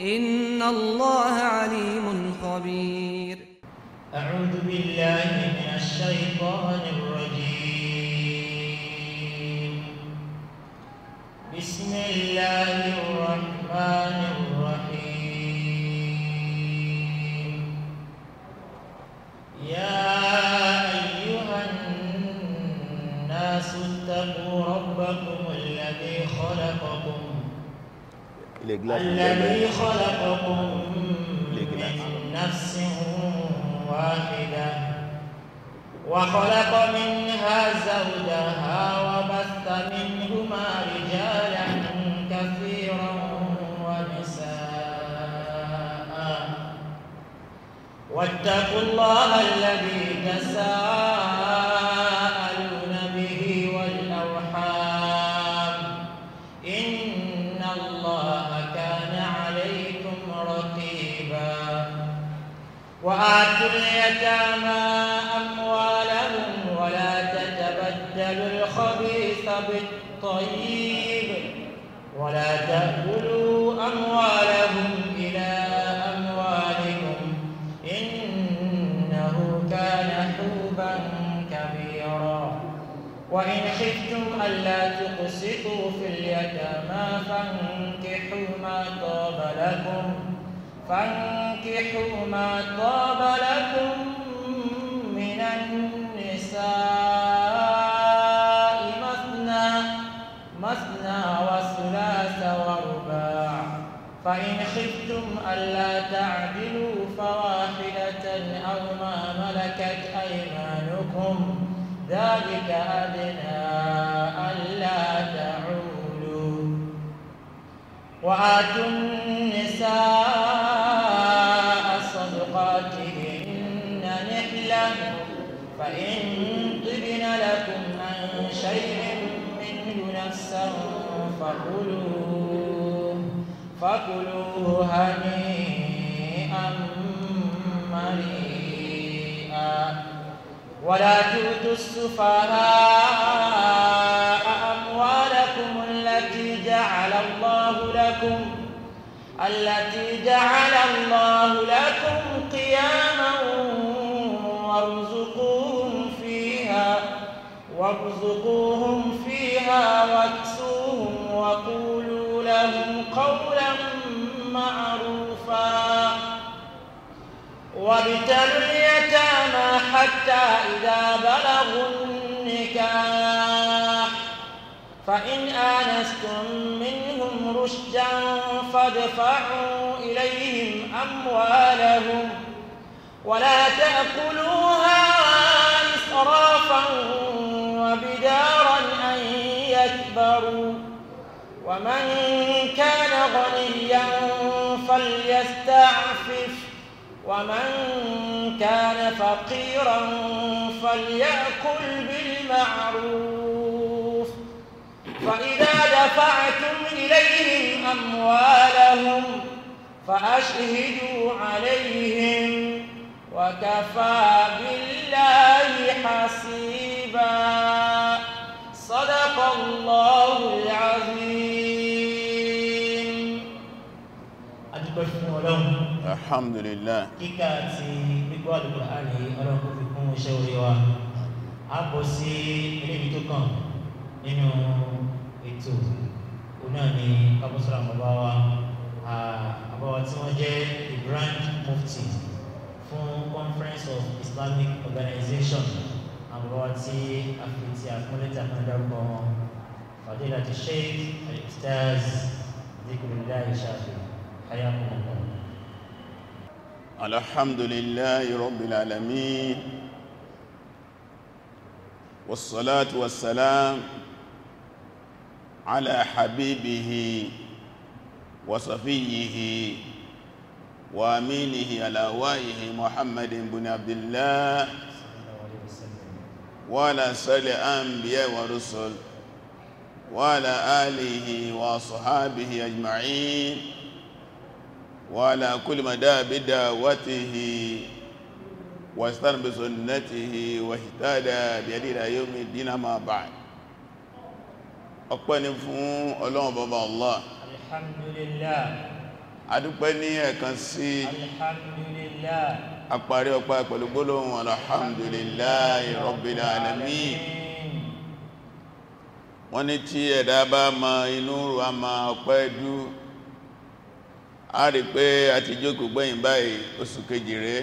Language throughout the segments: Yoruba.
إن الله عليم خبير أعوذ بالله من الشيطان الرجيم بسم الله الرحمن الرحيم يا أيها الناس اتقوا ربكم الذي خلقكم الذي خلقكم من نفس واحدة وخلق منها زوجها وبث منهما رجالا كثيرا ونساء واتقوا الله الذي تساءل فانكحوا ما طاب لكم فانكحوا ما طاب لكم من النساء مثنى مثنى وثلاث ورباع فإن خفتم ألا تعدلوا فواحدة أو ما ملكت أيمانكم ذلك أدنى ألا تعدلوا وآتوا النساء صدقاتهن نحلة فإن طبن لكم عن شيء منه نفسا فكلوه فكلوه هنيئا مريئا ولا تؤتوا السفهاء لكم التي جعل الله لكم قياما وارزقوهم فيها وارزقوهم فيها واكسوهم وقولوا لهم قولا معروفا وابتلوا اليتامى حتى إذا بلغوا النكاح فإن آنستم منهم رشدا فادفعوا إليهم أموالهم ولا تأكلوها إسرافا وبدارا أن يكبروا ومن كان غنيا فليستعفف ومن كان فقيرا فليأكل بالمعروف فإذا دفعتم إليهم أموالهم فأشهدوا عليهم وكفى بالله حسيبا صدق الله العظيم الحمد لله kika بقوال àti gbígbọ́ Al-Qur'ani yìí ọlọ́run fi kún iṣẹ́ orí ètò òun náà ni kábọ́sọ̀rọ̀ àbábá wa tí wọ́n jẹ́ the grand mufti fún conference of islamic organization àbá wa tí àfitì àkúnlẹ̀tì àkúndàgbọ̀ wọn fàdílà ti sheikh al-ustaz Dhikrullah Shafi'i hayakumullah. alhamdulillahi rabbil alamin والصلاة والسلام على حبيبه وصفيه وامينه على وائه محمد بن عبد الله وعلى سائر الانبياء والرسل وعلى اله واصحابه اجمعين وعلى كل مدى بدعوته واستنى بسنته واهتدى بهدي يوم الدين ما بعد ọpẹ́ ni fún ọlọ́run bọ́bá Allah alhamdulillah adúpẹ́ ní ẹ̀kan sí alhamdulillah àparí ọpá pẹ̀lú gbólóhùn alhamdulillahi rabbil alamin wọ́n ní tí ẹ̀dá bá ma inú rú a ma ọpẹ́ dú a rí pé a ti jókòó gbẹ̀yìn báyìí oṣù kejì rẹ̀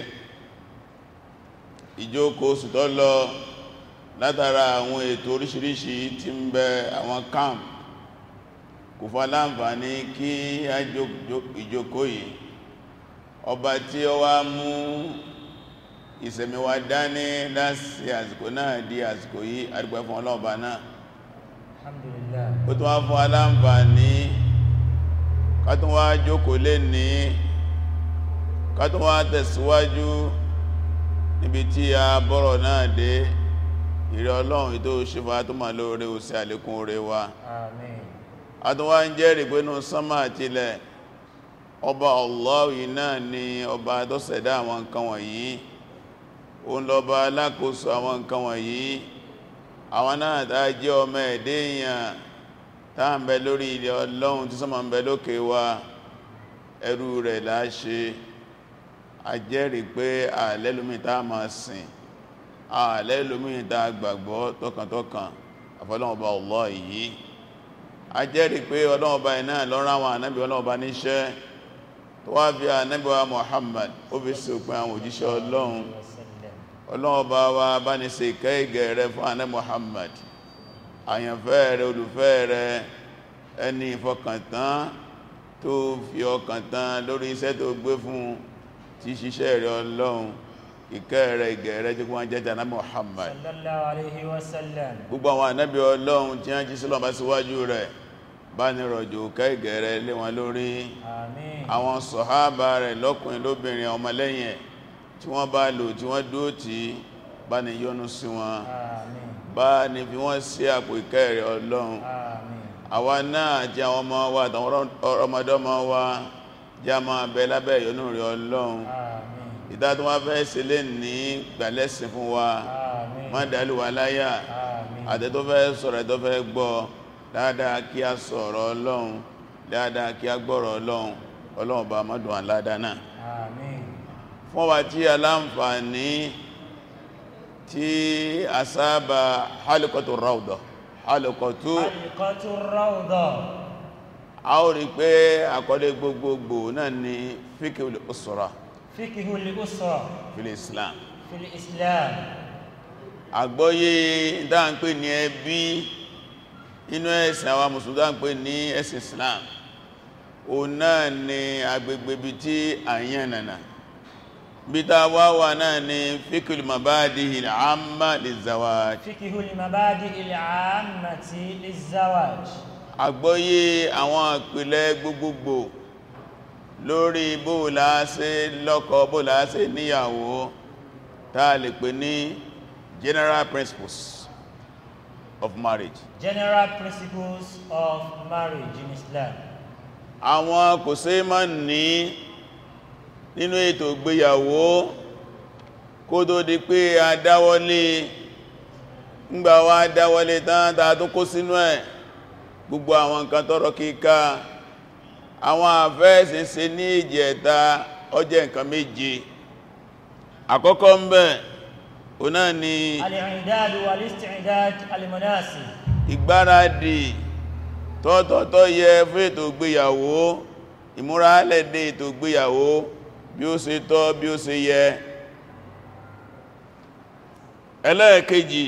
ìjókòó oṣù tó lọ látara àwọn ètò oríṣiríṣi tí ń bẹ àwọn camp kò fà láǹfààní kí a ìjókòó yìí ọba tí ó wá mú ìsẹ̀míwá dání láti àsìkò náà di àsìkò yìí adúpẹ́ fún ọlọ́ọ̀bá náà alhamdulillah ó tún wá fún aláǹfààní ká tún ní ká tẹ̀síwájú níbi tí a bọ́rọ̀ náà dé ìrẹ ọlọ́run ìtò ṣífà tó máa lóore ó ṣe àlékún oore wa àmín àtúnwà ń sánmà àti ilẹ̀ ọba náà ni ọba tó awọn àwọn nǹkan wọ̀nyí òun lọ́ba alákòóso àwọn nǹkan wọ̀nyí àwọn náà tá jẹ́ ọmọ ẹ̀dẹ́ èèyàn tá ń bẹ lórí ọlọ́run sánmà ń bẹ lókè wa ẹrú rẹ̀ láṣe pé tá máa ààlẹ́ lómìnì tá gbàgbọ́ tọkàntọkàn àfọlọ́ọ̀bá Allah yìí a jẹ́rìí pé ọlọ́ọ̀bá iná lọ́rọ̀ àwọn ànábì ọlọ́ọ̀bá níṣẹ́ tó wá bí ànábì wa Muhammad ó fi sòpin àwọn òjíṣẹ́ ọlọ́run ọlọ́ọ̀bá wa bá ní ìkẹ́ẹ̀rẹ̀ ìgẹ̀ẹ̀rẹ̀ tí wọ́n jẹ́jà náà Muhammad sallallahu alaihi wasallam gbogbo àwọn ànábì Ọlọ́run tí wọ́n jí sílọ̀ bá síwájú rẹ̀ bá ní rọ̀jò kẹ́ ìgẹ̀ẹ̀rẹ̀ lé wọn lórí àmín àwọn sọ̀hábà rẹ̀ lọ́kùnrin lóbìnrin ọmọlẹ́yìn tí wọ́n bá lò tí wọ́n dúó tí bá ní yọ́nú sí wọn àmín bá ní fi ìdá tó wá fẹ́ ṣe lè ní gbàlẹ́sìn fún wa má dálù wa láyà àtẹ́ tó fẹ́ sọ̀rọ̀ tó fẹ́ gbọ́ dáadáa kí a sọ̀rọ̀ ọlọ́run dáadáa kí a gbọ́rọ̀ ọlọ́run ọlọ́run bá mọ́dún aládánà fún wa tí aláǹfààní tí a sábà hálùkọ́tù ráùdọ̀ hálùkọ́tù ráùdọ̀ a ó rí pé àkọlé gbogbogbò náà ni fíkì usra fíkihù lè ó sọ fílì islam fílì islam àgbọ́yé dáńpé ní ẹbí inú ẹ̀sìn àwọn mùsùlùmí dáńpé ní ẹ̀sìn islam o náà ni agbègbè bí tí àyànnà bí ta wá wà náà ni fíkihù mabáàdì ìlàámà lè zawaj fíkihù mabáàdì àwọn ìpìlẹ̀ gbogbogbò lórí bóòlá ṣe lọ́kọ bóòlá ṣe níyàwó táà lè pè ní general principles of marriage general principles of marriage in Islam àwọn kò ṣe mọ́ ní nínú ètò ìgbéyàwó kó tó di pé a dáwọ́lé ńgbà wá dáwọ́lé tán tàà tó kó sínú ẹ̀ gbogbo àwọn nǹkan tọ́rọ kíká àwọn àfẹ́ẹ̀sì ṣe ní ìjẹta ọjẹ́ nǹkan méje àkọ́kọ́ ń bẹ̀ o náà ni al-i'dad wal-isti'dad al-munasib ìgbáradì tọ́tọ́tọ́ yẹ fún ètò ìgbéyàwó ìmúrálẹ̀ dé ètò ìgbéyàwó bí ó ṣe tọ́ bí ó ṣe yẹ ẹlẹ́ẹ̀kejì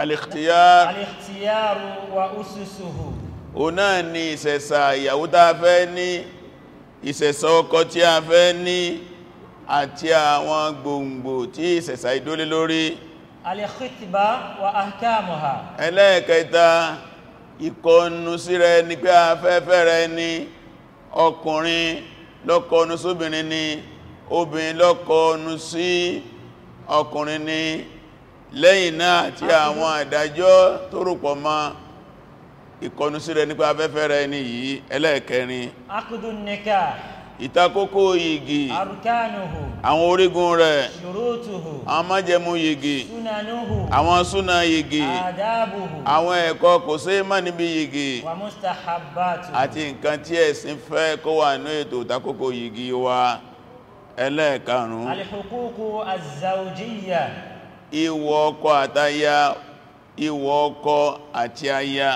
al o náà ni ìṣẹ̀ṣà ìyàwó tá a fẹ́ ní ìṣẹ̀ṣà ọkọ tí a fẹ́ ní àti àwọn gbòǹgbò tí ìṣẹ̀ṣà ìdólé lórí wa ahkamuha ẹlẹ́ẹ̀kẹta ìkọnu síra ẹni pé a fẹ́ fẹ́ra ẹni ọkùnrin lọ́kọnu sóbìnrin ni obìnrin lọ́kọnu sí ọkùnrin ni lẹ́yìn náà àti àwọn àdájọ́ tó rúpọ̀ máa ìkọnusí rẹ̀ nípa afẹ́fẹ́ rẹ ní yìí ẹlẹ́ẹ̀kẹrin ìtakókò yìgì àwọn orígun rẹ̀ àwọn májẹ̀mú yìgì àwọn súna yìgì àwọn ẹ̀kọ́ kò sí má níbi yìgì wà àti nǹkan tí ẹ̀sìn fẹ́ kó wà ní ètò ìtakókò yìgì wa ẹlẹ́ẹ̀karùn ọkọ àti aya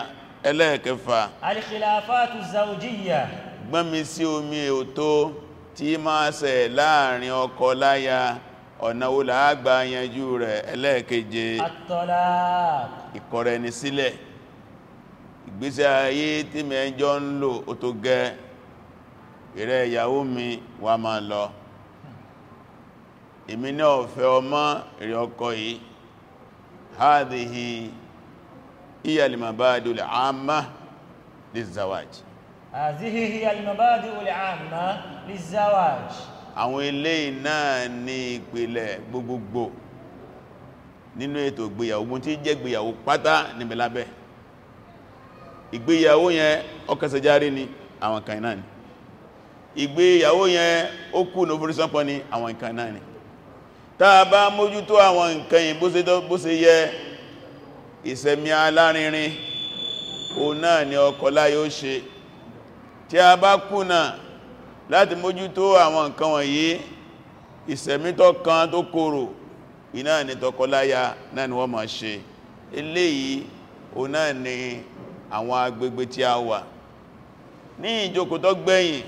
ẹlẹ́ẹ̀kẹfà alìkìláfàtù zaujiya gbọ́nmi sí omi ètò tí máa ṣẹ láàrin ọkọ láya ọ̀nà wo la gbà rẹ̀ ẹlẹ́ẹ̀keje at-talaq ìkọrẹ ní sílẹ̀ ìgbésẹ̀ ayé tí mẹ́jọ nlo lò ó tó gẹ́ ìrẹ́ ìyàwó mi wà máa lọ èmi náà fẹ́ ọmọ iri ọkọ ha hadhihi ole هي المبادئ العامه للزواج هذه ole المبادئ العامه للزواج awon eleyi na ni ipele gbogbogbo ninu eto igbeyawo gun ti je igbeyawo pata ni belabe igbeyawo yen okese jari ni awon kan na ni igbeyawo yen oku no borison pon ni awon nka na ni ta ba moju to awon kan yen bo se do bo ye ìsẹ̀mí alárinrin o náà ni ọkọ láyé ó ṣe tí a bá kùnà láti mójútó àwọn nǹkan wọ̀nyí ìsẹ̀mí tó kan tó korò iná ni tọkọláya náà ni wọ́n máa ṣe eléyìí o náà ni àwọn agbègbè tí a wà ní ìjókòó gbẹ̀yìn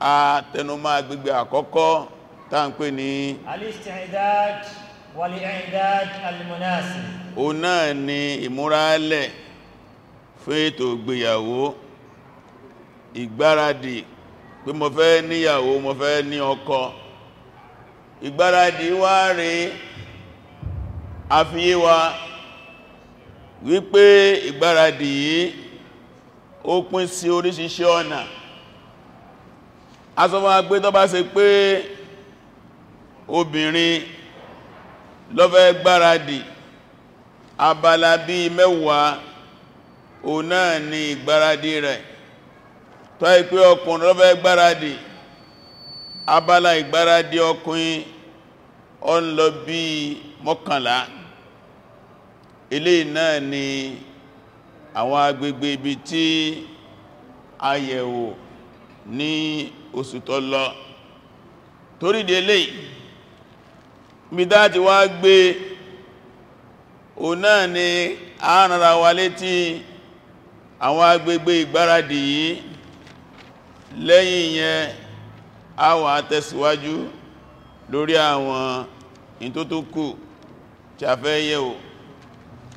a tẹnumọ́ agbègbè àkọ́kọ́ tá ń pè ní al-isti'dad wal-i'dad al o náà ni ìmúrálẹ̀ fún ètò ìgbéyàwó ìgbáradì pé mo fẹ́ níyàwó mo fẹ́ ní ọkọ ìgbáradì wá rí àfiyéwa wípé ìgbáradì yìí ó pín sí oríṣiríṣi ọ̀nà asọ́mọ́ agbé tó bá ṣe pé obìnrin ló gbáradì abala bí mẹ́wàá o náà ni ìgbáradì rẹ̀ tó ìpé ọkùnrin lọ́fẹ́ gbáradì abala ìgbáradì ọkùnrin ọ ń lọ bí mọ́kànlá eléyìí náà ni àwọn agbègbè ibi tí àyẹ̀wò ní oṣù tó lọ torí délé ibi dáti wá gbé o náà ni a rárá wa létí àwọn agbègbè ìgbáradì yìí lẹ́yìn yẹn a wà tẹ̀síwájú lórí àwọn ìtótókù tí a fẹ́ yẹ̀ o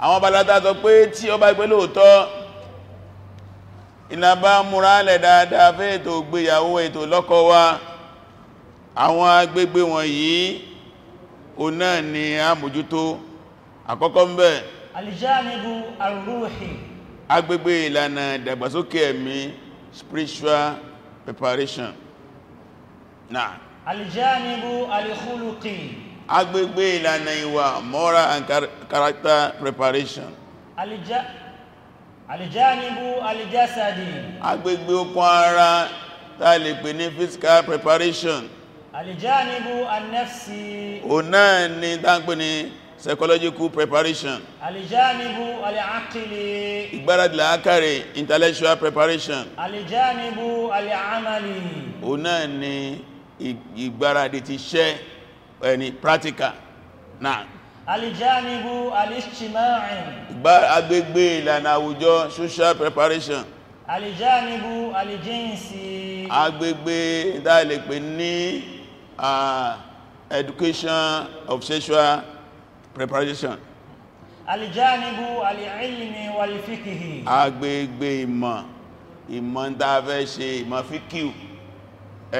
àwọn balata sọ pé tí ó bá gbé lóòtọ́ ìlàbá múra lẹ̀ dáadáa fẹ́ ètò ìgbéyàwó ètò lọ́kọ wa àwọn agbègbè wọ̀nyí o náà ni a mójútó àkọ́kọ́ ń bẹ aljanibu arruhi agbègbè ìlànà ìdàgbàsókè ẹ̀mí spiritual preparation náà aljanibu alkhuluqi agbègbè ìlànà ìwà moral and character preparation aljanibu aljasadi agbègbè okun ara tá lè pè ní physical preparation aljanibu annafsi o náà ni tá ń psychological preparation alijanibu aliakili ìgbáradì làákàrẹ̀ intellectual preparation alijanibu aliamali o náà ni ìgbáradì ti ṣẹ́ ẹni practical Na. alijanibu alishtimai agbègbè ìlànà àwùjọ social preparation alijanibu alijinsi agbègbè ìdálẹ̀pẹ̀ ní education of sexual preparation alìjánibu alìrìnlìmí wàlìfíkìhì agbègbè ìmọ̀ ìmọ̀ dáfẹ́ ṣe ìmọ̀ fíkíù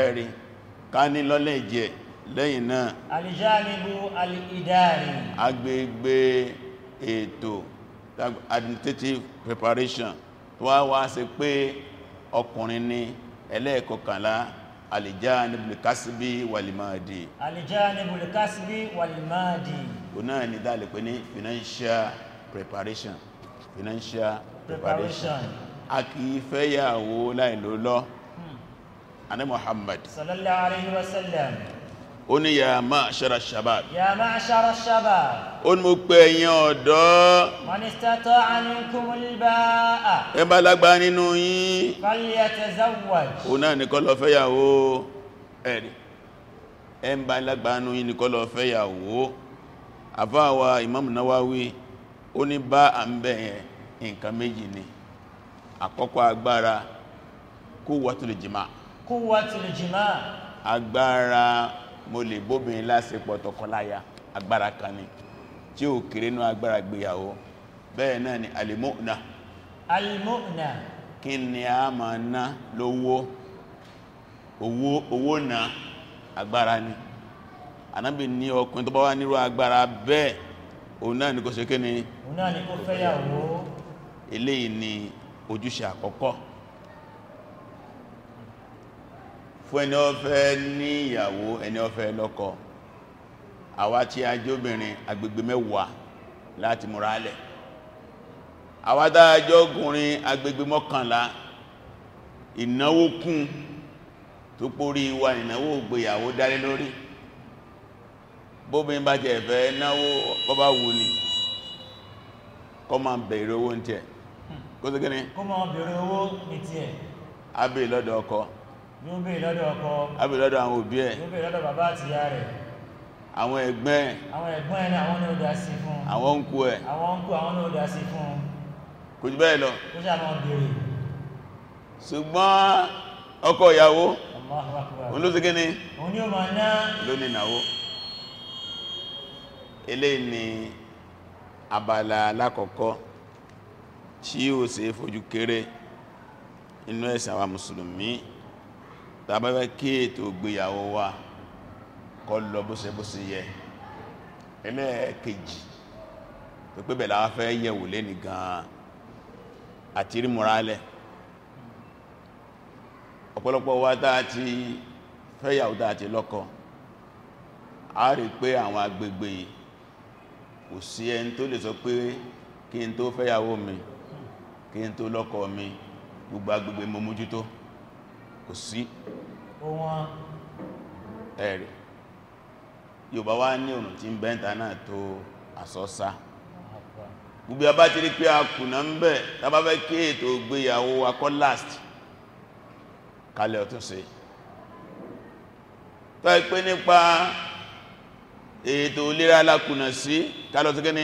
ẹ̀rí ká ní lọ́lẹ̀ jẹ́ lẹ́yìn náà alìjánibu alìdáàrí agbègbè ètò administrative preparation tó wa wá ṣe pé ọkùnrin ni ẹlẹ́ẹ̀kọkànlá alìjáàníbù kásìbí wàlìmáàdì alìjáàníbù kásìbí wàlìmáàdì o náà ni dáàlì pé ní financial preparation financial preparation a kì í fẹ́ yàwó láìlólọ́ anẹ́ hmm. Muhammad sallallahu alaihi wasallam ó ní ya ma'shara shabab ya ma'shara shabab ó ní mo pè ẹ̀yin ọ̀dọ́ man istata'a minkumul ẹ bá lágbá nínú tẹ falyatazawwaj ó náà ní lọ fẹ́yàwó ẹ̀rì ẹ bá lágbá nínú yín ní lọ fẹ́yàwó àfáàwà Imam Nawawi ó ní bá à ń bẹ̀yẹn nǹkan méjì ni àkọ́kọ́ agbára agbára mo lè bóbìnrin láṣepọ̀ tọkọláya agbára kan ni tí ó kéré ní agbára gbéyàwó bẹ́ẹ̀ náà ni alimọ́nà alimọ́nà kí ni a máa ná lówó owó owó náà agbára ni anábì ní ọkùnrin tó bá wá nírú agbára bẹ́ẹ̀ òun náà ni kò ṣe kí ni òun náà ni kò fẹ́yàwó eléyìí ni ojúṣe àkọ́kọ́ fún ẹni ọfẹ́ ní ìyàwó ẹni ọfẹ́ lọ́kọ àwá tí a jẹ́ obìnrin agbègbè mẹ́wàá láti múra alẹ̀ àwa agbègbè mọ́kànlá ìnáwó kún tó pórí wa ìnáwó gbèyàwó dálé lórí bóbin bá ẹ̀fẹ́ náwó wù ní yóò bèèrè lọ́dọ̀ àwọn òbí ẹ̀ àwọn ẹ̀gbọ́n ẹ̀ àwọn ẹ̀gbọ́n ẹ̀ kò jù bẹ́ẹ̀ lọ ṣùgbọ́n ọkọ ìyàwó òun ló ṣegé ni ni lónìí ìnáwó eléyìí ni abala alákọ̀ọ́kọ́ tí ó ṣe fojú kéré inú ẹ̀sìn mùsùlùmí tàbẹ́fẹ́ kí ètò ìgbéyàwó wa kó lọ bó ṣe bó ṣe yẹ ẹlẹ́ẹ̀kejì tó pé bẹ̀lá wá fẹ́ yẹ̀wò lẹ́ni gan-an àti rí múrálẹ̀ ọ̀pọ̀lọpọ̀ wa táa ti fẹ́yàwó táa ti lọ́kọ a rí pé àwọn agbègbè kò sí ẹni tó lè sọ pé kí n tó fẹ́yàwó mi kí n tó lọ́kọ mi gbogbo agbègbè mo mójútó kò sí ohun ẹ̀rì Yorùbá wá ní òrùn tí ń bẹ́ǹta náà tó àsọ́sá gbogbo abá ti rí pé a kùnà ń bẹ̀ tàbá fẹ́ kí ètò ìgbéyàwó akọ́ last kalẹ̀ ọ̀tún sí tọ́ ìpé nípa ètò ìlera alákùnà sí kalẹ̀ ọ̀tún kí ni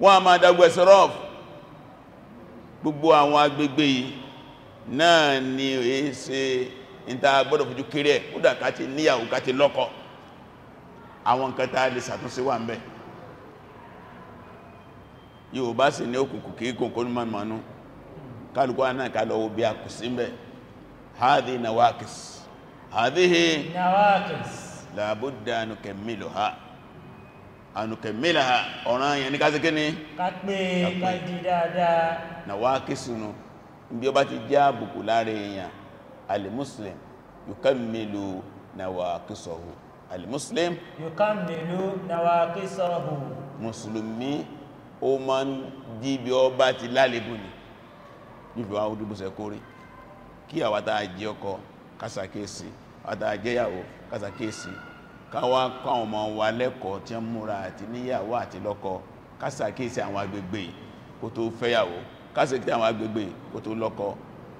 wọ́n a máa dágbé sọ́rọ̀f gbogbo àwọn agbègbè yìí náà ni èé ṣe ìta gbọ́dọ̀ fojú kéré ẹ̀ ó dàkà ti níyàwó ká ti lọ́kọ àwọn nǹkan tá lè ṣàtúnṣe wà ń bẹ yóò bá sì ní òkùnkùn kí kòkó ní mọ̀nú kálùkù náà bí a kù sí mẹ́ hádí nawakis hádí nawakis làbúdánù kẹmílò ha ànùkẹ̀mílà ọ̀ràn yẹn ní kásíkí ní kápé kájí dáadáa na wá kí sínú bí ó bá ti já àbùkù láàrin èèyàn alìmúslim yukammilu na alìmúslim yukammilu nawaqisahu mùsùlùmí ó máa ń dí bí ó bá ti lálẹ́gùn ní níbi àwọn olùbùsẹ̀ kórí kí àwátá jẹ́ ọkọ kásákèsí àwátá jẹ́yàwó kásákèsí káwà kọ́ àwọn ọmọ wa lẹ́kọ̀ọ́ tí ó múra àti níyàwó àti lọ́kọ kásàkíyèsí àwọn agbègbè kó tó fẹ́yàwó kásàkíyèsí àwọn agbègbè kó tó lọ́kọ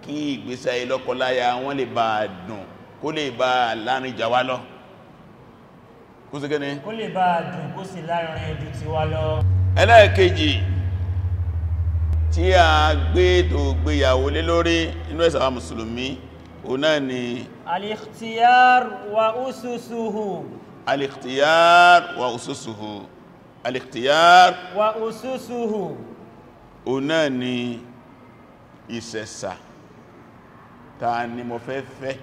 kí ìgbésẹ̀ ayé lọ́kọláya wọ́n lè bá dùn kó lè bá láàrin ìjà wa lọ kó sí gẹ́ni kó lè bá dùn kó sì láàrin ẹjù ti wa lọ ẹlẹ́ẹ̀kejì tí a gbé tó gbéyàwó lé lórí inú ẹ̀sàwà mùsùlùmí ọ̀nà ni al-ikhtiyar wa ususuhu al-ikhtiyar wa ususuhu al-ikhtiyar wa ususuhu ọ̀nà ni ìsẹ̀sà ta ni mo fẹ́ fẹ́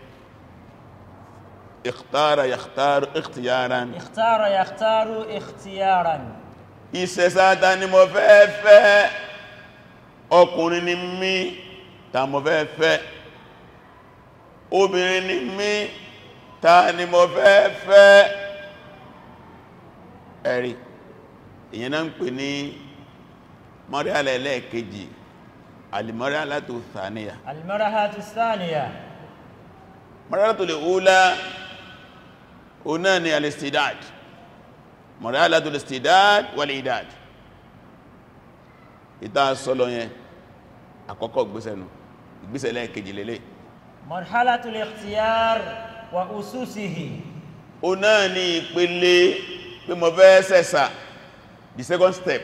ikhtara yakhtaru ikhtiyaran ikhtara yakhtaru ikhtiyaran ìsẹ̀sà ta ni mo fẹ́ fẹ́ ọkùnrin ni mí ta mo fẹ́ fẹ́ obìnrin ni mí ta ni mo fẹ́ fẹ́ ẹ̀rí èyàn náà ń pè ní mọ́ríàlá ẹlẹ́ẹ̀kejì alìmọ́ríàlá tó sàníyà alìmọ́ríàlá tó sàníyà mọ́ríàlá tó lè húlá o náà ni alìsìdáàd mọ́ríàlá tó lè sìdáàd wàlì ìdáàd ìta sọ́lọ àkọ́kọ́ ìgbésẹ̀ lẹ́ẹ̀kejì lélẹ́ẹ̀ marhalatul ikhtiyar wa ususihi o náà ni ìpele pé mo fẹ́ sẹ̀sà the second step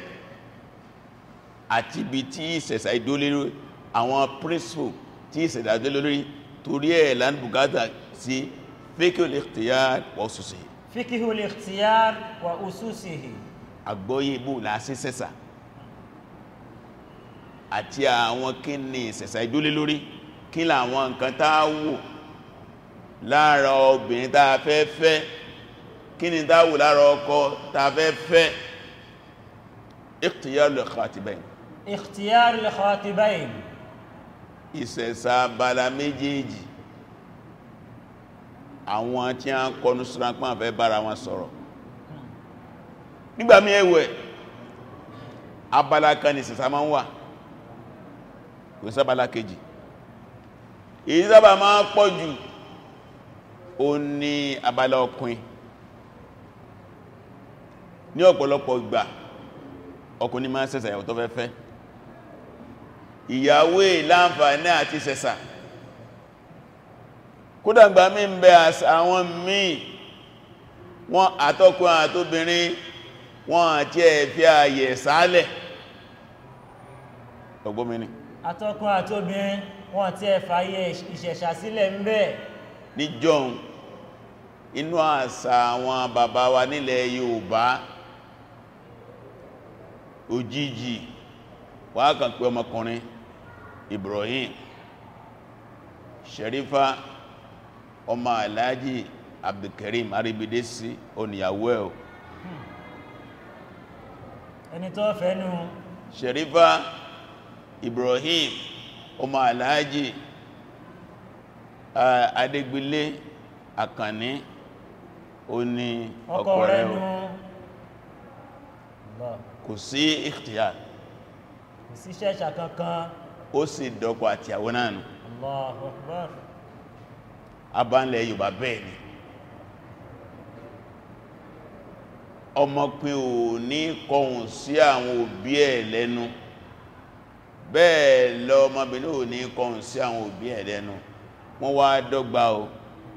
àti ibi tí ìsẹ̀sà ìdólérò àwọn principle tí ìsẹ̀sà ìdólérò torí ẹ̀ land bukata sí fikihul ikhtiyar wa ususihi fikihul ikhtiyar wa ususihi àgbọ́yé ibò láti sẹ̀sà àti àwọn kí ni ìsẹ̀sà ìdólérò kí làwọn nǹkan táa wò lára obìnrin táa fẹ́ fẹ́ kí ni táa wò lára ọkọ táa fẹ́ fẹ́ ikhtiyarul khatibayn ikhtiyarul khatibayn ìsẹ̀sà bala méjèèjì àwọn tí a kọnu síránpán fẹ́ bára wọn sọ̀rọ̀ nígbàmí ẹ̀wẹ̀ abala kan ni ìsẹ̀sà máa ń wà kò sábàlá kejì èyí sábà máa pọ̀ jù ó ní abala ọkùnrin ní ọ̀pọ̀lọpọ̀ ìgbà ọkùnrin máa sẹ̀sà ìyàwó tó fẹ́ fẹ́ ìyàwó ìlànfààní àti sẹ̀sà kódàgbà mí ń bẹ àwọn míì wọn àtọkùn àtóbìnrin wọn àti ẹ̀fẹ́ àyẹ̀ sálẹ̀ ọgbọ́mìnì àtọkùn àtóbìnrin wọ́n ti ẹ̀ fàyẹ ìṣẹ̀ṣà sílẹ̀ ń bẹ̀ níjọ́un inú àṣà àwọn bàbá wa nílẹ̀ Yorùbá òjijì wà kàn pé ọmọkùnrin Ibrahim Sherifa ọmọ Alhaji Abdulkarim Aribidesi oníyàwó ẹ̀ o ẹni tó fẹ́ nù Sherifa Ibrahim ọmọ aláàjì eh, adégbélé àkànní ó ní ọkọ rẹ̀ o kò sí ikhtiyar kò sí ṣẹ́ṣà kankan ó sì dọ́kọ àti àwọn náà nù Allahu Akbar abánlẹ̀ Yorùbá bẹ́ẹ̀ ni ọmọ pé ò ní kọhùn sí àwọn òbí ẹ̀ lẹ́nu bẹ́ẹ̀ lọ ọmọbìnrin ò ní kọrùn sí àwọn òbí ẹ̀ lẹ́nu wọ́n wá dọ́gba o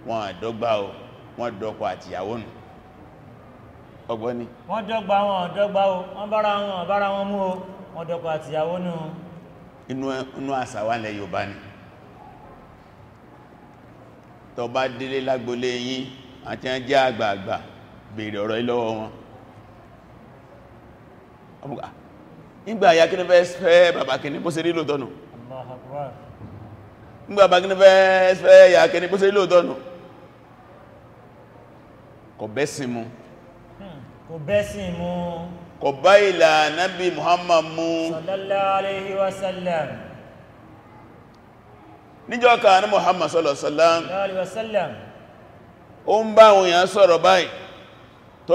wọ́n àdọ́gba o wọ́n dọ́kọ àtìyàwó nù ọgbọ́n ni wọ́n dọ́gba wọn ọ̀dọ́gba o wọ́n bára wọn ọ̀bára wọn mú o wọ́n dọ́kọ àtìyàwó nù inú àṣà wa lẹ Yorùbá ni tó bá délé lágbolé yín àti wọn jẹ́ àgbààgbà béèrè ìgbà àyà kí ní fẹ́ fẹ́ bàbá kí ní bó ṣe rí lò tọ́nù ìgbà bàbá kí ní fẹ́ fẹ́ àyà kí ní bó ṣe rí lò tọ́nù kò bẹ́sìn mu hmm, kò bẹ́sìn mu kò bá ìlà nábi Muhammad mu sallallahu alaihi wasallam níjọ́ kan ní Muhammad sallallahu alaihi wasallam ó ń bá àwọn èèyàn sọ̀rọ̀ báyìí tó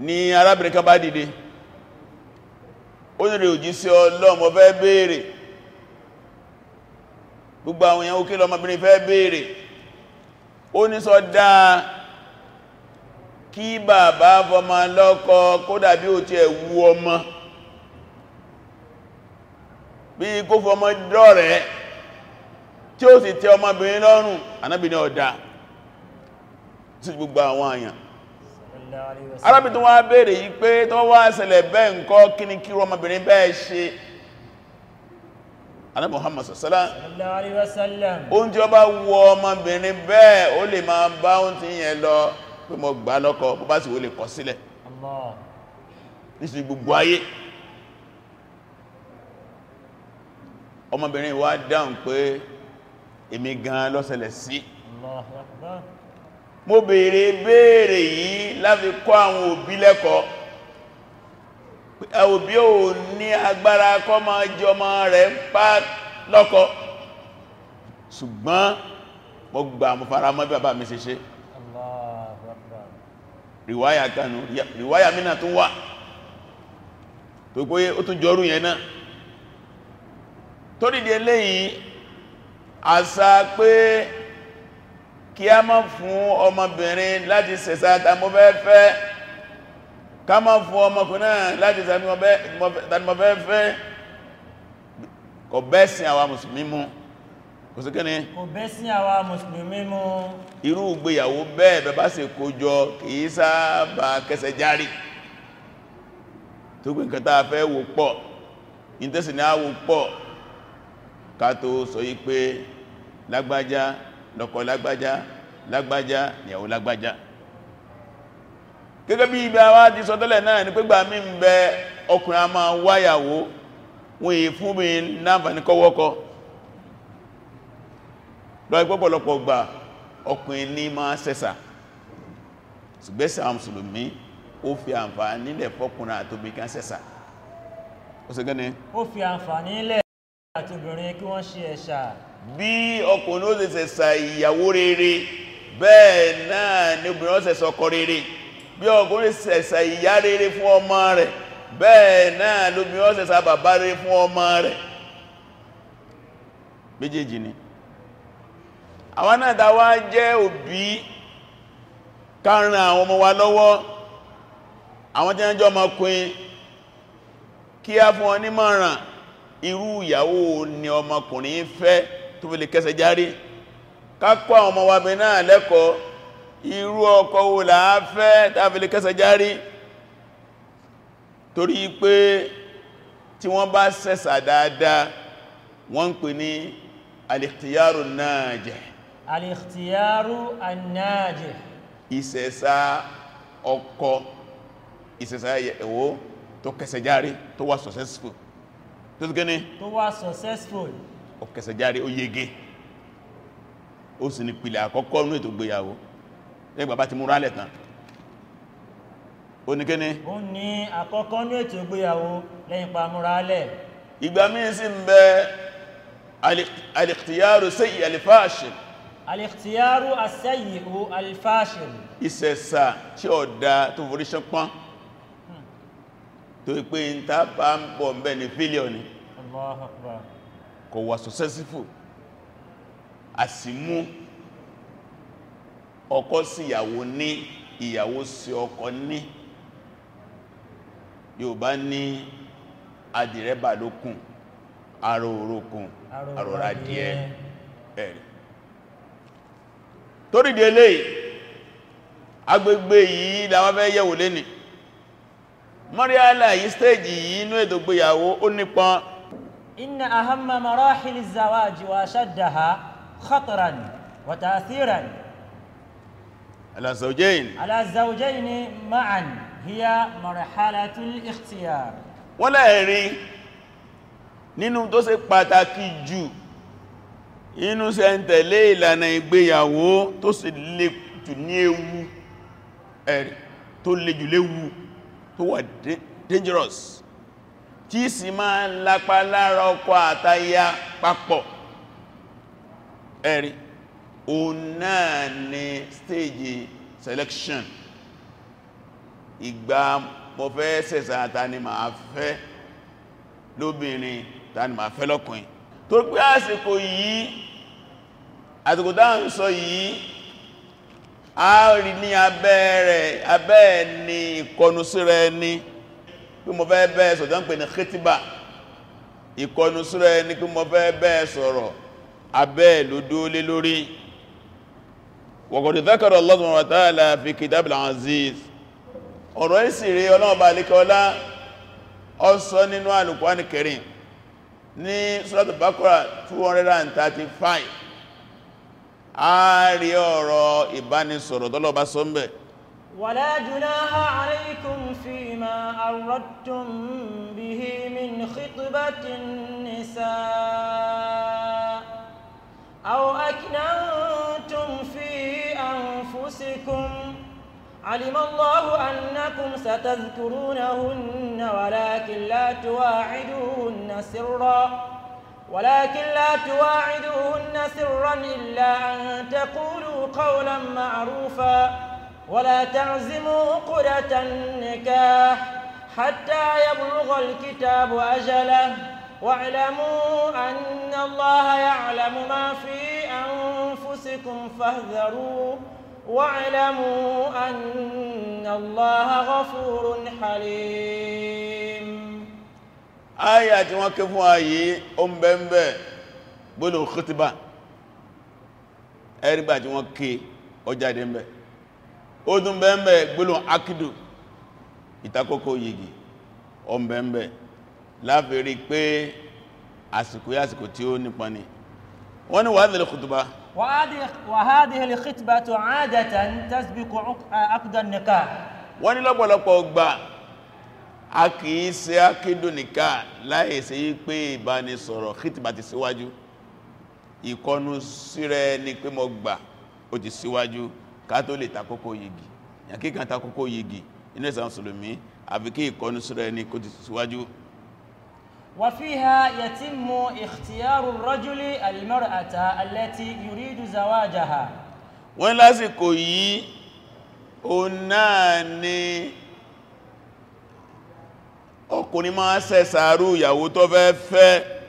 ni arábìnrin kan bá dìde ó nílò òjíṣẹ́ ọlọ́mọ fẹ́ béèrè gbogbo àwọn èèyàn òkè lọ́mọbìnrin fẹ́ béèrè ó ní sọ dáa kí bàbá fọmọ lọ́kọ kódà bí ó ti ẹ̀wú ọmọ bí kó fọmọ dọ́rẹ̀ẹ́ tí ó sì tẹ́ ọmọbìnrin lọ́rùn anábìnrin ọ̀dá sí gbogbo àwọn àyàn arábìn tó wá béèrè yìí pé tó wá ṣẹlẹ̀ bẹ́ẹ̀ ńkọ́ kí ni kí ọmọbìnrin bẹ́ẹ̀ ṣe Ànábì Muhammad sallallahu alaihi wasallam oúnjẹ ọba wọ ọmọbìnrin bẹ́ẹ̀ ó lè máa bá oún ti yẹn lọ pé mo gbà lọ́kọ bó bá sì wó lè kọ̀ sílẹ̀ nísìnyí mo béèrè béèrè yìí láti kọ́ àwọn òbí lẹ́kọ̀ọ́ òbí ò ní agbára kọ́ ma jẹ ọmọ rẹ̀ ń pa lọ́kọ ṣùgbọ́n mo gbà mo fara mọ́ bí bàbá mi ṣe ṣe ríwáyà kanú ríwáyà mínà tún wà tó pé ó tún jọrú yẹn náà tó dìde lẹ́yìn àṣà pé kí a má fún ọmọbìnrin láti sẹ̀sá tàmọ́fẹ́fẹ́ ká má fún ọmọkùnrin náà láti tàmọ́fẹ́fẹ́ kò bẹ́sìn àwa mùsùlùmí mú kò sí kíni kò bẹ́sìn àwa mùsùlùmí mú irú ìgbéyàwó bẹ́ẹ̀ bẹ́bá sì kójọ kìí sáàbà kẹsẹ̀ járì tó gbé nǹkan tàà fẹ́ wò pọ̀ ìtẹ́sì ni a wò pọ̀ ká tó sọ yí pé lágbájá lọ́kọ lágbájá lágbájá níyàwó lágbájá gẹ́gẹ́ bí ibi àwá ti sọ náà ni pẹ́gbà mí ń bẹ ọkùnrin a máa wáyàwó wọ́n èyí fún mi láǹfàní kọwọ́kọ́ lọ́pọ̀lọpọ̀ gbà ọkùnrin ní máa sẹ́sà ṣùgbẹ́sà mùsùlùmí ó fi àǹfàní lẹ̀ fọ́kùnrin àtòbí kan sẹ́sà bí ọkùnrin ó ṣe ṣẹ̀ṣà ìyàwó rere bẹ́ẹ̀ náà ni obìnrin ó ṣẹ̀ṣà ọkọ rere bí ọkùnrin ṣẹ̀ṣà ìyà rere fún ọmọ rẹ̀ bẹ́ẹ̀ náà lóbìnrin ó ṣẹ̀ṣà bàbá rere fún ọmọ rẹ̀ méjèèjì ni àwọn náà dáwà jẹ́ òbí kárán àwọn ọmọ wa lọ́wọ́ àwọn tí wọ́n jọ ọmọkùnrin kí á fún ọ nímọ̀ràn irú ìyàwó ni ọmọkùnrin fẹ́ tó fi lè kẹsẹ̀ járí kákọ́ àwọn ọmọ wàbẹ̀ náà lẹ́kọ̀ọ́ irú ọkọ wo láàáfẹ́ tàbí lè kẹsẹ̀ járí torí pé tí wọ́n bá sẹ́sà dáadáa wọ́n ń pè ní al-ikhtiyaru an-najih al-ikhtiyaru ìsẹ̀sà ọkọ ìsẹ̀sà ẹ̀wọ́ tó kẹsẹ̀ successful tó wà successful ọ̀kẹsẹ̀járe ó yege ó sì ní pìlẹ̀ àkọ́kọ́ inú ètò ìgbéyàwó nígbà bá ti múra lẹ̀ tán ó ní kíní ó ní àkọ́kọ́ inú ètò ìgbéyàwó lẹ́yìn pa múra lẹ̀ ìgbà míì sí ń bẹ alìkìtìyàrù sẹ́yì alìfáàṣìl alìkìtìyàrù asẹ́yì alìfáàṣìl ìsẹ̀sà tí ọ̀dá tó forí ṣánpán hmm. tó pé ń tàbà ń bọ̀ ń bẹ ní fílíọ̀nì kɔwɔ successful àsìmú ọkọ sí ìyàwó ní ìyàwó sí ọkọ ní Yorùbá ní adìrẹ́bà lókùn aró orókùn àrọ̀rà díẹ̀ ẹ̀rì torí di eléyìí agbègbè yìí làwọn fẹ́ yẹ̀wò lẹ́ni mọ́ríálà yìí stéèjì yìí inú ètò gbéyàwó ó nípọn إن أهم مراحل الزواج وأشدها خطرا وتأثيرا على الزوجين على الزوجين معا هي مرحلة الاختيار ولا يري nínú tó ṣe pàtàkì jù inú ṣe ń tẹ̀lé ìlànà ìgbéyàwó tó sì lè jù ní ewu ẹ̀rì tó lè jù léwu tó wà dangerous tí sì máa ń lápá lára ọkọ àtaya papọ̀ ẹ̀rí òun náà ni stage selection ìgbà mo fẹ́ sẹ̀sà ta ni màá fẹ́ lóbìnrin ta ni màá fẹ́ lọ́kùnrin tó pé àsìkò yìí àsìkò tá ń sọ yìí a rí ní abẹ́ rẹ̀ abẹ́ ni ìkọnusí rẹ̀ ni pé mo fẹ́ bẹ́ẹ̀ sọ̀rọ̀ jọ́n pè ní kẹtìbà ìkọnu súrẹ́ ní pé mo fẹ́ bẹ́ẹ̀ sọ̀rọ̀ abẹ́ ló dúólé lórí wọ̀gọ̀dì dákàrọ̀ Allah subhanahu wa ta'ala fi kitabil aziz ọ̀rọ̀ ìsìnrí ọlọ́ọ̀bà alikọ́lá ọsọ nínú Al-Qur'an Karim ní Suratul Baqara 235 ààrí ọ̀rọ̀ ìbánisọ̀rọ̀ tọ́lọ́ọ̀bá sọ́mbẹ̀ ولا جناح عليكم فيما أردتم به من خطبة النساء أو أكننتم في أنفسكم علم الله أنكم ستذكرونهن ولكن لا تواعدوهن سرا ولكن لا تواعدوهن سرا إلا أن تقولوا قولا معروفا ولا تعزموا عقدة النكاح حتى يبلغ الكتاب أجله واعلموا أن الله يعلم ما في أنفسكم فاحذروه واعلموا أن الله غفور حليم آية جواكف آية أم بمب بلو خطبة ẹ̀rígbà tí wọ́n ké ó dún bẹ́ẹ̀mẹ́ gbólóhùn akidu ìtakókò yìí ó ń bẹ́ẹ̀mẹ́ láfẹ́rí pé àsìkò yá àsìkò tí ó nípa ni wọ́n ni wàhádìí lẹ́kùtùbá wàhádìí lẹ́kùtùbá tó àádẹ́ta ń tẹ́sbíkù akúdá nìka wọ́n ni lọ́pọ̀lọpọ̀ gbà a kìí ṣe akídù nìka láìsí pé ìbánisọ̀rọ̀ kìtìbà ti síwájú ìkọnu sírẹ ni pé mo gbà ó ti síwájú si ká tó lè takókó yìgì yàn kí kan takókó yìgì inú ẹ̀sàn mùsùlùmí àfi kí ìkọnu sọ́rọ̀ ẹni kó ti síwájú wa fiha yatimmu ikhtiyaru rajuli almar'ata allati yuridu zawajaha wọ́n lásìkò yìí o náà ni ọkùnrin máa ṣẹ̀sàárù ìyàwó tó fẹ́ fẹ́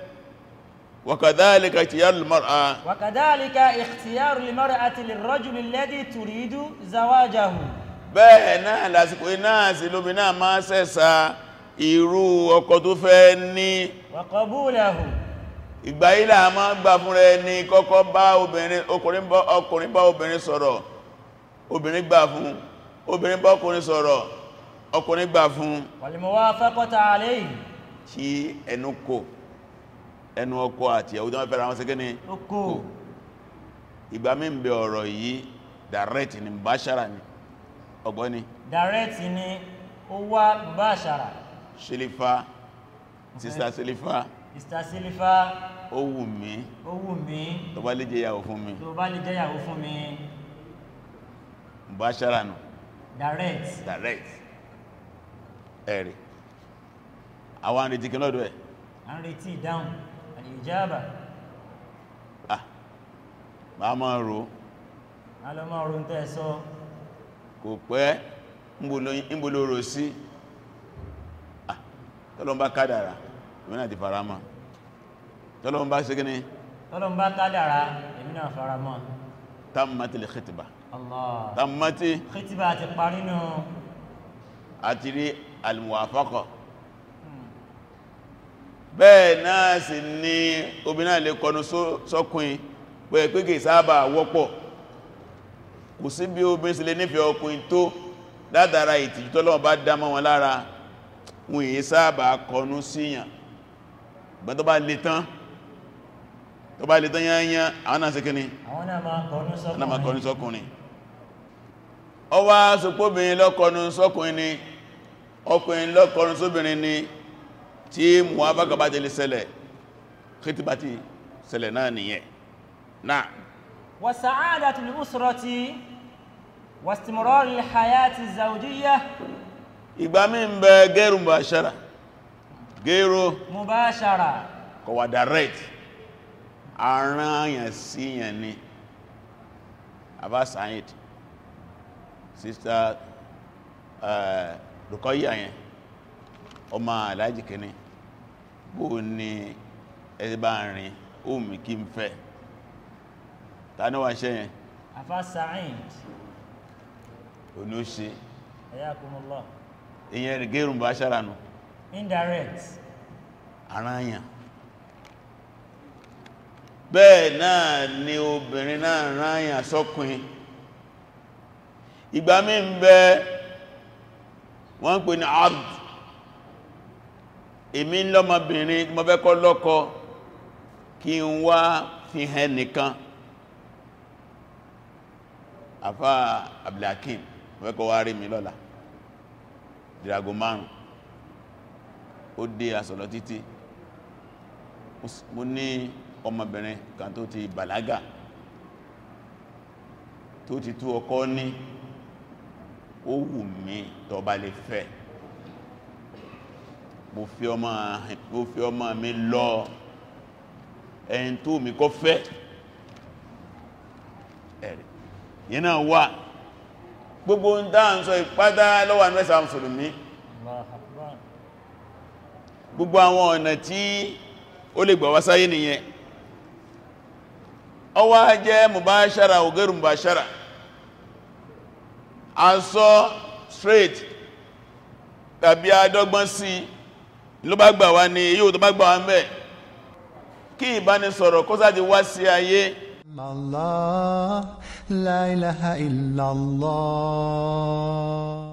وكذلك اختيار المرأة وكذلك اختيار المرأة للرجل الذي تريد زواجه bẹ́ẹ̀ náà lásìkò iná sí lóbi náà máa sẹ́sà irú ọkọ tó fẹ́ ní wàkọ̀búlẹ̀hù ìgbà ilá máa gbà fún rẹ ní kọ́kọ́ bá ọkùnrin bá obìnrin sọ̀rọ̀ obìnrin gbà fún obìnrin bá ọkùnrin sọ̀rọ̀ ọkùnrin gbà fún wàlìmọ̀wà fẹ́kọ́ta alẹ́ yìí ẹnu ọkọ àti ẹ̀wù tí wọ́n fẹ́ra wọn sí kíni ọkọ ìgbà mi ń bẹ ọ̀rọ̀ yìí direct ni bashara ni ọgbọ́n ni direct ni ó wá bashara ṣílífà sista ṣílífà sista ṣílífà ó wù mí ó wù mí tó bá lè jẹ́ ìyàwó fún mi tó bá lè jẹ́ ìyàwó fún mi bashara nù direct direct ẹ̀rì àwọn àrètí kí lọ́dọ̀ ẹ̀ àrètí ìdáhùn alìjábà ah, ma ma ro alọ́mọ ọrùn tẹ́ sọ kò pẹ́ ìbòlòrò sí ah, tọ́lọ́mbá kádàrà ìmìnà ti farama tọ́lọ́mbá sígíní tọ́lọ́mbá kádàrà ìmìnà farama tammati lè khitiba Allah tammati khitiba ti parí nù àti rí almuwafaqa bẹ́ẹ̀ náà sì ni obìnrin náà kọnu sọ́kùnrin pẹ̀ pé kìí wọ́pọ̀ kò sí bí obìnrin sì nífẹ̀ẹ́ ọkùnrin tó látara ìtìjú tọ́lọ́wọ́ bá dámọ́ wọn lára wọn èyí kọnu síyàn ọkùnrin sóbìnrin tí muwafaka bá tẹ́lẹ̀ ṣẹlẹ̀ kìtìbà ti ṣẹlẹ̀ náà nìyẹn náà wa sa'adatu l-usrati wa istimrar al-hayati az-zawjiyya ìgbà mi ń bẹ gẹ́rù mubashara gẹ́rù mubashara kò wà direct aráyàn sí yẹn ni abá Said sister uh, eh, Rukoya yẹn ọmọ alájì bó ní ẹ̀sẹ̀ bá rìn omi kí fẹ́ ta ní wà ṣe yẹn afá sa'id òní ó ṣe ẹ̀yàkùnmọ́lọ́ ìyẹn rẹ̀ gẹ́rùn bá ṣàrànù indirect bẹ́ẹ̀ náà ni obìnrin náà ráyàn sọ́kùn ìgbà ń bẹ wọ́n èmi lọ́mọbìnrin mo fẹ́ kọ́ lọ́kọ kí n wá fi hẹn nìkan àfá abdulhakim mo fẹ́ kọ́ wá rí mi lọ́la dìragò márùn ó dé asọ̀lọ̀ títí mo ní ọmọbìnrin kan tó ti bàlágà tó ti tú ọkọ ní ó wù mí tó lè fẹ́ mo fi ọmọ mo fi ọmọ mi lọ ẹni tó mi kọ́ fẹ́ ẹ̀rẹ̀ yẹn náà wà gbogbo ń dá ń sọ ìpádá lọ́wọ́ anúwẹ́sà mùsùlùmí gbogbo àwọn ọ̀nà tí ó lè gbà wá sáyé nìyẹn ọwá jẹ́ mubashara ogẹ́rù mubashara a sọ straight tàbí adọ́gbọ́n sí i ló bá gbà wá ní yóò tó bá gbà wá ń bẹ̀ kí ìbánisọ̀rọ̀ kó sáti wá sí ayé Allah la ilaha illallah